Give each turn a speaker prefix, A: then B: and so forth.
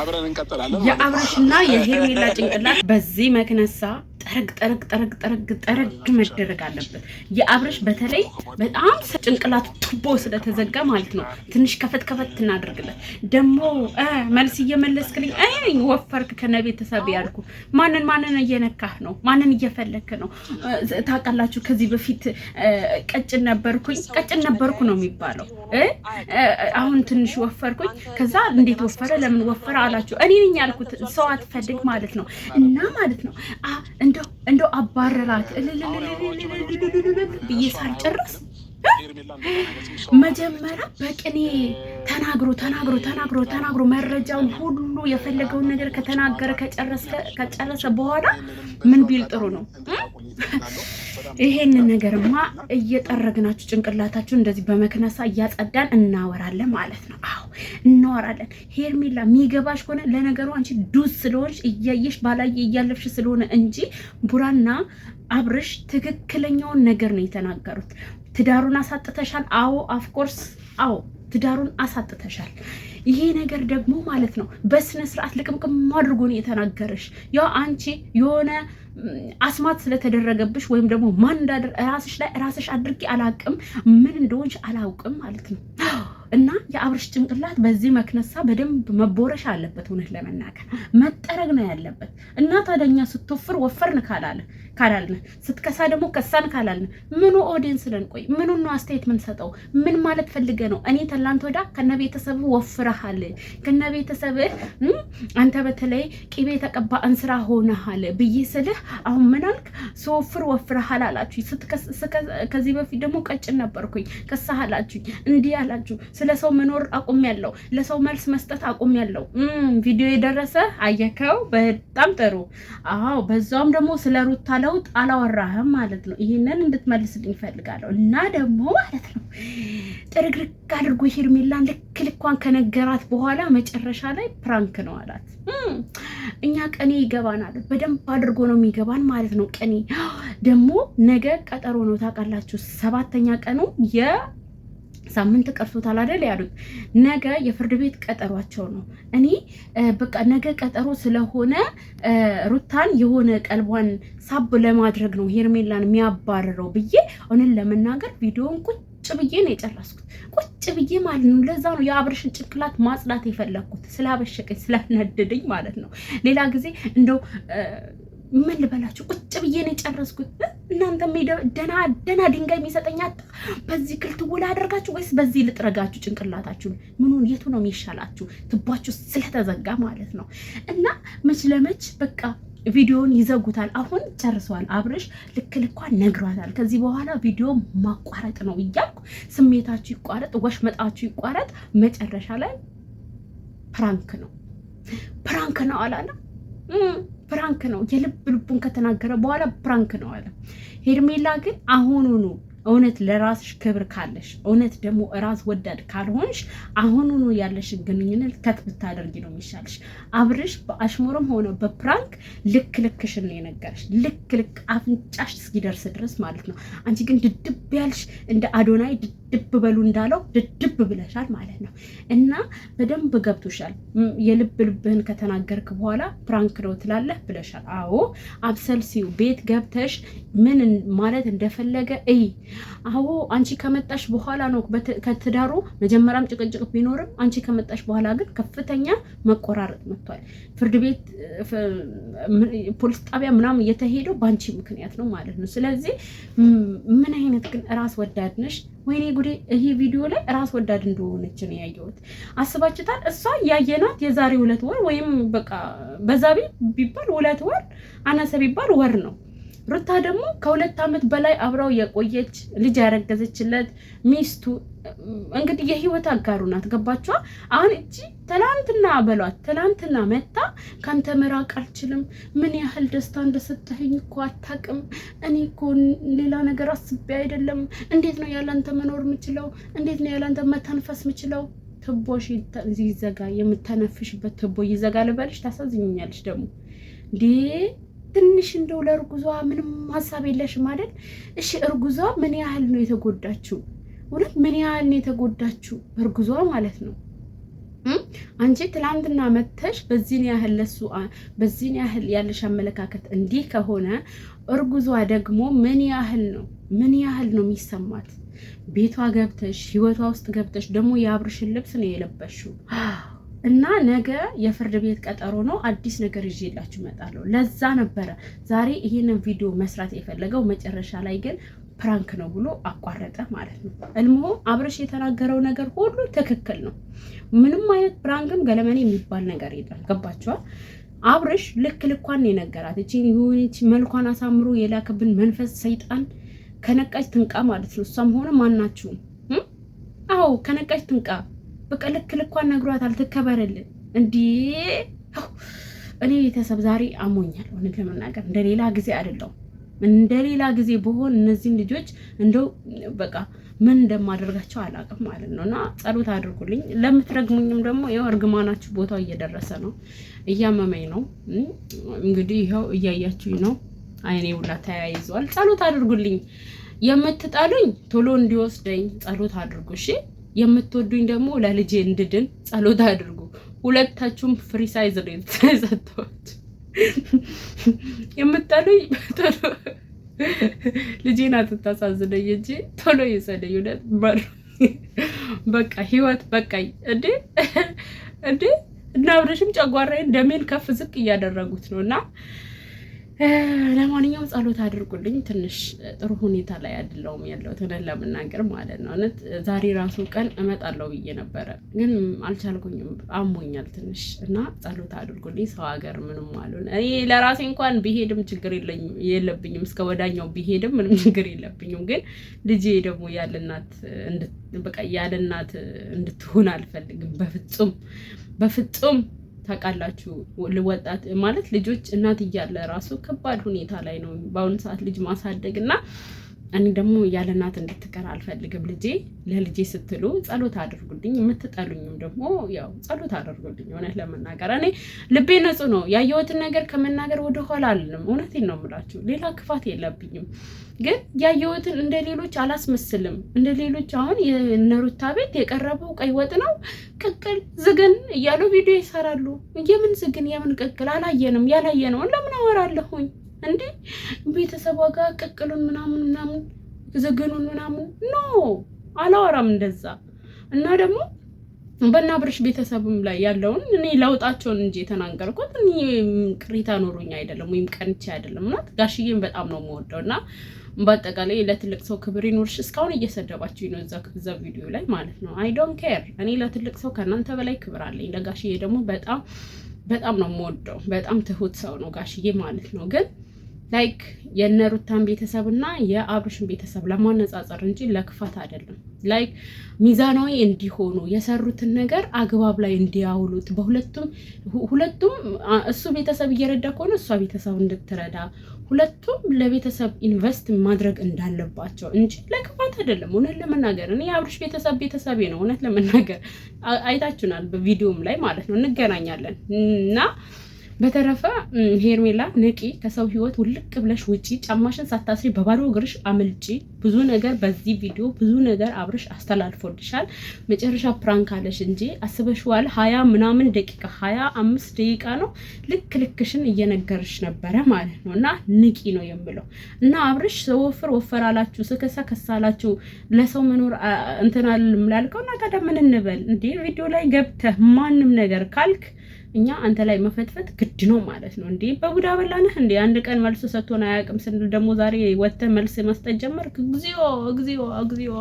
A: አብረን እንቀጥላለን። የአብረሽና የሄርሜላ ጭንቅላት በዚህ መክነሳ ጠረግ ጠረግ ጠረግ ጠረግ ጠረግ መደረግ አለበት። የአብረሽ በተለይ በጣም ሰጭንቅላቱ ቱቦ ስለተዘጋ ማለት ነው። ትንሽ ከፈት ከፈት እናደርግለት። ደግሞ መልስ እየመለስክልኝ ወፈርክ ከነቤተሰብ ያልኩ ማንን ማንን እየነካህ ነው? ማንን እየፈለክ ነው? ታውቃላችሁ፣ ከዚህ በፊት ቀጭን ነበርኩኝ ቀጭን ነበርኩ ነው የሚባለው። አሁን ትንሽ ወፈርኩኝ። ከዛ እንዴት ወፈረ ለምን ወፈረ አላችሁ። እኔ ነኝ ያልኩት። ሰው አትፈልግ ማለት ነው እና ማለት ነው እንደ አባረራት ብዬ ሳልጨርስ መጀመሪያ በቅኔ ተናግሮ ተናግሮ ተናግሮ ተናግሮ መረጃውን ሁሉ የፈለገውን ነገር ከተናገረ ከጨረሰ በኋላ ምን ቢል ጥሩ ነው? ይሄንን ነገርማ እየጠረግናችሁ ጭንቅላታችሁ እንደዚህ በመክነሳ እያጸዳን እናወራለን ማለት ነው። አዎ እናወራለን። ሄርሜላ የሚገባሽ ከሆነ ለነገሩ አንቺ ዱስ ስለሆንሽ እያየሽ ባላየ እያለፍሽ ስለሆነ እንጂ ቡራና አብርሽ ትክክለኛውን ነገር ነው የተናገሩት። ትዳሩን አሳጥተሻል። አዎ አፍኮርስ፣ አዎ ትዳሩን አሳጥተሻል። ይሄ ነገር ደግሞ ማለት ነው በስነ ስርዓት ልቅምቅም አድርጎ ነው የተናገረሽ። ያ አንቺ የሆነ አስማት ስለተደረገብሽ ወይም ደግሞ ማን እንዳደረ ራስሽ ላይ ራስሽ አድርጌ አላቅም፣ ምን እንደሆንሽ አላውቅም ማለት ነው። እና የአብርሽ ጭንቅላት በዚህ መክነሳ በደንብ መቦረሽ አለበት። እውነት ለመናገር መጠረግ ነው ያለበት። እና ታደኛ ስትወፍር ወፈርን ካላለ ካላልን ስትከሳ ደግሞ ከሳን ካላልን ምኑ ኦዲየንስ ለን ቆይ ምኑ ነው አስተያየት ምንሰጠው? ምን ማለት ፈልገ ነው? እኔ ተላንት ወዳ ከነ ቤተሰብ ወፍረሃል፣ ከነ ቤተሰብ አንተ በተለይ ቂቤ ተቀባ እንስራ ሆነሃል ብዬ ስልህ አሁን ምን አልክ? ስወፍር ወፍረሃል አላችሁኝ። ከዚህ በፊት ደግሞ ቀጭን ነበርኩኝ ከሳ አላችሁኝ፣ እንዲህ አላችሁ ስለ ሰው መኖር ያለው ለሰው መልስ መስጠት ያለው ቪዲዮ የደረሰ አየከው? በጣም ጥሩ። አዎ፣ በዛውም ደግሞ ስለ ሩታ ለውጥ አላወራህም ማለት ነው። ይህንን እንድትመልስልኝ እፈልጋለሁ። እና ደግሞ ማለት ነው ጥርግርግ አድርጎ ሄርሜላን ልክ ልኳን ከነገራት በኋላ መጨረሻ ላይ ፕራንክ ነው አላት። እኛ ቀኔ ይገባናል፣ በደንብ አድርጎ ነው የሚገባን ማለት ነው። ቀኔ ደግሞ ነገ ቀጠሮ ነው ታውቃላችሁ። ሰባተኛ ቀኑ የ ሳምንት ቀርቶታል አይደል ያሉት። ነገ የፍርድ ቤት ቀጠሯቸው ነው። እኔ በቃ ነገ ቀጠሮ ስለሆነ ሩታን የሆነ ቀልቧን ሳብ ለማድረግ ነው ሄርሜላን የሚያባርረው ብዬ እውነት ለመናገር ቪዲዮን ቁጭ ብዬ ነው የጨረስኩት። ቁጭ ብዬ ማለት ነው። ለዛ ነው የአብርሽን ጭንቅላት ማጽዳት የፈለግኩት ስላበሸቀኝ ስላናደደኝ ማለት ነው። ሌላ ጊዜ እንደው ምን ልበላችሁ ቁጭ ብዬ ነው የጨረስኩት። እናንተ ደና ደና ድንጋይ የሚሰጠኝ አጣ። በዚህ ክልት ውላ አደርጋችሁ ወይስ በዚህ ልጥረጋችሁ ጭንቅላታችሁን? ምኑን የቱ ነው የሚሻላችሁ? ትቧችሁ ስለተዘጋ ማለት ነው። እና መች ለመች በቃ ቪዲዮውን ይዘጉታል። አሁን ጨርሰዋል። አብርሽ ልክ ልኳን ነግሯታል። ከዚህ በኋላ ቪዲዮ ማቋረጥ ነው እያልኩ ስሜታችሁ ይቋረጥ፣ ወሽመጣችሁ ይቋረጥ። መጨረሻ ላይ ፕራንክ ነው ፕራንክ ነው አላለ ፕራንክ ነው፣ የልብ ልቡን ከተናገረ በኋላ ፕራንክ ነው አለ። ሄርሜላ ግን አሁኑኑ እውነት ለራስሽ ክብር ካለሽ እውነት ደግሞ ራስ ወዳድ ካልሆንሽ አሁኑኑ ያለሽን ግንኙነት ከት ብታደርጊ ነው የሚሻልሽ። አብርሽ በአሽሙርም ሆነ በፕራንክ ልክ ልክሽን ነው የነገረሽ፣ ልክ ልክ አፍንጫሽ እስኪደርስ ድረስ ማለት ነው። አንቺ ግን ድድብ ያልሽ እንደ አዶናይ ድብ በሉ እንዳለው ድድብ ብለሻል ማለት ነው። እና በደንብ ገብቶሻል። የልብ ልብህን ከተናገርክ በኋላ ፕራንክ ነው ትላለህ ብለሻል። አዎ አብሰልሲው ቤት ገብተሽ ምን ማለት እንደፈለገ እይ። አዎ አንቺ ከመጣሽ በኋላ ነው ከትዳሩ መጀመሪያም ጭቅጭቅ ቢኖርም አንቺ ከመጣሽ በኋላ ግን ከፍተኛ መቆራረጥ መጥቷል። ፍርድ ቤት ፖሊስ ጣቢያ ምናምን የተሄደው በአንቺ ምክንያት ነው ማለት ነው። ስለዚህ ምን አይነት ግን ራስ ወዳድ ነሽ ወይኔ ጉዴ! ይሄ ቪዲዮ ላይ ራስ ወዳድ እንደሆነች ነው ያየሁት። አስባችታል? እሷ ያየናት የዛሬ ሁለት ወር ወይም በቃ በዛ ቢባል ሁለት ወር አነሰ ቢባል ወር ነው ሩታ ደግሞ ከሁለት ዓመት በላይ አብረው የቆየች ልጅ ያረገዘችለት ሚስቱ እንግዲህ የህይወት አጋሩ ናት። ገባችኋ? አሁን እቺ ትላንትና በሏት ትላንትና መታ ከአንተ መራቅ አልችልም፣ ምን ያህል ደስታ እንደሰጠኸኝ እኮ አታውቅም። እኔ እኮ ሌላ ነገር አስቤ አይደለም። እንዴት ነው ያላንተ መኖር ምችለው? እንዴት ነው ያላንተ መተንፈስ ምችለው? ትቦሽ ይዘጋ፣ የምተነፍሽበት ትቦ ይዘጋ ልበልሽ። ታሳዝኛለሽ ደግሞ እንዴ ትንሽ እንደው ለእርጉዟ ምንም ሀሳብ የለሽም አይደል? እሺ እርጉዟ ምን ያህል ነው የተጎዳችው? እውነት ምን ያህል ነው የተጎዳችው እርጉዟ ማለት ነው። አንቺ ትላንትና መተሽ በዚህን ያህል ለሱ በዚህን ያህል ያለሽ አመለካከት እንዲህ ከሆነ እርጉዟ ደግሞ ምን ያህል ነው ምን ያህል ነው የሚሰማት? ቤቷ ገብተሽ ህይወቷ ውስጥ ገብተሽ ደግሞ የአብርሽን ልብስ ነው የለበሽው። እና ነገ የፍርድ ቤት ቀጠሮ ነው። አዲስ ነገር ይዤላችሁ እመጣለሁ። ለዛ ነበረ ዛሬ ይህንን ቪዲዮ መስራት የፈለገው መጨረሻ ላይ ግን ፕራንክ ነው ብሎ አቋረጠ ማለት ነው። እልሞ አብርሽ የተናገረው ነገር ሁሉ ትክክል ነው። ምንም አይነት ፕራንክም ገለመኔ የሚባል ነገር የለም። ገባችኋል? አብርሽ ልክ ልኳን የነገራት እቺ ይሁንች መልኳን አሳምሮ የላከብን መንፈስ ሰይጣን ከነቃች ትንቃ ማለት ነው። እሷም ሆነ ማናችሁም አዎ ከነቃች ትንቃ። በቃ ልክ ልኳን ነግሯታል። ትከበርልን እንዴ! እኔ ቤተሰብ ዛሬ አሞኛል። እውነት ለመናገር ሌላ ጊዜ እንደ እንደሌላ ጊዜ በሆን እነዚህን ልጆች እንደው በቃ ምን እንደማደርጋቸው አላውቅም ማለት ነው። እና ጸሎት አድርጉልኝ። ለምትረግሙኝም ደግሞ ይኸው እርግማናችሁ ቦታው እየደረሰ ነው። እያመመኝ ነው። እንግዲህ ይኸው እያያችሁኝ ነው። አይኔ ሁላ ተያይዘዋል። ጸሎት አድርጉልኝ። የምትጠሉኝ ቶሎ እንዲወስደኝ ጸሎት አድርጉ እሺ። የምትወዱኝ ደግሞ ለልጄ እንድድን ጸሎት አድርጉ። ሁለታችሁም ፍሪ ሳይዝ ነው የምጠሉኝ ቶሎ ልጄን አትታሳዝነኝ እንጂ ቶሎ የሰለኝ እውነት ባሉ በቃ ህይወት በቃ እንዴ እንዴ እና አብረሽም ጨጓራዬን ደሜን ከፍ ዝቅ እያደረጉት ነው እና ለማንኛውም ጸሎት አድርጉልኝ። ትንሽ ጥሩ ሁኔታ ላይ አይደለሁም ያለው እውነት ለመናገር ማለት ነው። እውነት ዛሬ ራሱ ቀን እመጣለሁ ብዬ ነበረ፣ ግን አልቻልኩኝም። አሞኛል ትንሽ እና ጸሎት አድርጉልኝ። ሰው ሀገር ምንም አሉ እኔ ለራሴ እንኳን ብሄድም ችግር የለብኝም። እስከ ወዳኛው ብሄድም ምንም ችግር የለብኝም። ግን ልጄ ደግሞ ያለናት በቃ ያለናት እንድትሆን አልፈልግም። በፍጹም በፍጹም ታውቃላችሁ ወጣት ማለት ልጆች እናት እያለ ራሱ ከባድ ሁኔታ ላይ ነው በአሁኑ ሰዓት ልጅ ማሳደግ እና እኔ ደግሞ ያለ እናት እንድትቀር አልፈልግም። ልጄ ለልጄ ስትሉ ጸሎት አድርጉልኝ። የምትጠሉኝም ደግሞ ያው ጸሎት አድርጉልኝ። እውነት ለመናገር እኔ ልቤ ንጹሕ ነው። ያየሁትን ነገር ከመናገር ወደኋላ አልልም። እውነቴን ነው የምላችሁ። ሌላ ክፋት የለብኝም። ግን ያየሁትን እንደ ሌሎች አላስመስልም። እንደ ሌሎች አሁን የነሩታ ቤት የቀረበው ቀይ ወጥ ነው ቅቅል፣ ዝግን እያሉ ቪዲዮ ይሰራሉ። የምን ዝግን የምን ቅቅል አላየንም። ያላየነውን ለምን አወራለሁኝ? እንዴ ቤተሰቧ ጋር ቅቅሉን ምናምን ምናምን ዘገኑን ምናምን ኖ አላወራም እንደዛ። እና ደግሞ በእና ብርሽ ቤተሰብም ላይ ያለውን እኔ ለውጣቸውን እንጂ የተናገርኩት እኔ ቅሬታ ኖሮኝ አይደለም ወይም ቀንቼ አይደለም። እናት ጋሽዬን በጣም ነው የምወደው እና በአጠቃላይ ለትልቅ ሰው ክብር ይኖርሽ። እስካሁን እየሰደባችሁ ነው እዛ ቪዲዮ ላይ ማለት ነው። አይ ዶንት ኬር እኔ ለትልቅ ሰው ከእናንተ በላይ ክብር አለኝ። ለጋሽዬ ደግሞ በጣም በጣም ነው የምወደው። በጣም ትሁት ሰው ነው ጋሽዬ ማለት ነው ግን ላይክ የነሩታን ቤተሰብ እና የአብርሽን ቤተሰብ ለማነጻጸር እንጂ ለክፋት አይደለም። ላይክ ሚዛናዊ እንዲሆኑ የሰሩትን ነገር አግባብ ላይ እንዲያውሉት በሁለቱም ሁለቱም እሱ ቤተሰብ እየረዳ ከሆነ እሷ ቤተሰብ እንድትረዳ ሁለቱም ለቤተሰብ ኢንቨስት ማድረግ እንዳለባቸው እንጂ ለክፋት አይደለም። እውነት ለመናገር እኔ የአብርሽ ቤተሰብ ቤተሰቤ ነው። እውነት ለመናገር አይታችሁናል፣ በቪዲዮም ላይ ማለት ነው። እንገናኛለን እና በተረፈ ሄርሜላ ንቂ፣ ከሰው ህይወት ውልቅ ብለሽ ውጪ፣ ጫማሽን ሳታስሪ በባዶ እግርሽ አምልጪ። ብዙ ነገር በዚህ ቪዲዮ ብዙ ነገር አብርሽ አስተላልፎልሻል። መጨረሻ ፕራንክ አለሽ እንጂ አስበሽዋል። ሀያ ምናምን ደቂቃ ሀያ አምስት ደቂቃ ነው ልክ ልክሽን እየነገርሽ ነበረ ማለት ነው። እና ንቂ ነው የምለው። እና አብርሽ ሰወፍር ወፈር አላችሁ፣ ስከሳ ከሳ አላችሁ፣ ለሰው መኖር እንትናል ምላልከው እና ታዲያ ምን እንበል እንዴ? ቪዲዮ ላይ ገብተህ ማንም ነገር ካልክ እኛ አንተ ላይ መፈትፈት ግድ ነው ማለት ነው። እንዲህ በቡዳ በላንህ እንዲ አንድ ቀን መልስ ሰጥቶን አያውቅም ስንል ደግሞ ዛሬ ወጥተህ መልስ መስጠት ጀመርክ። እግዚኦ እግዚኦ እግዚኦ።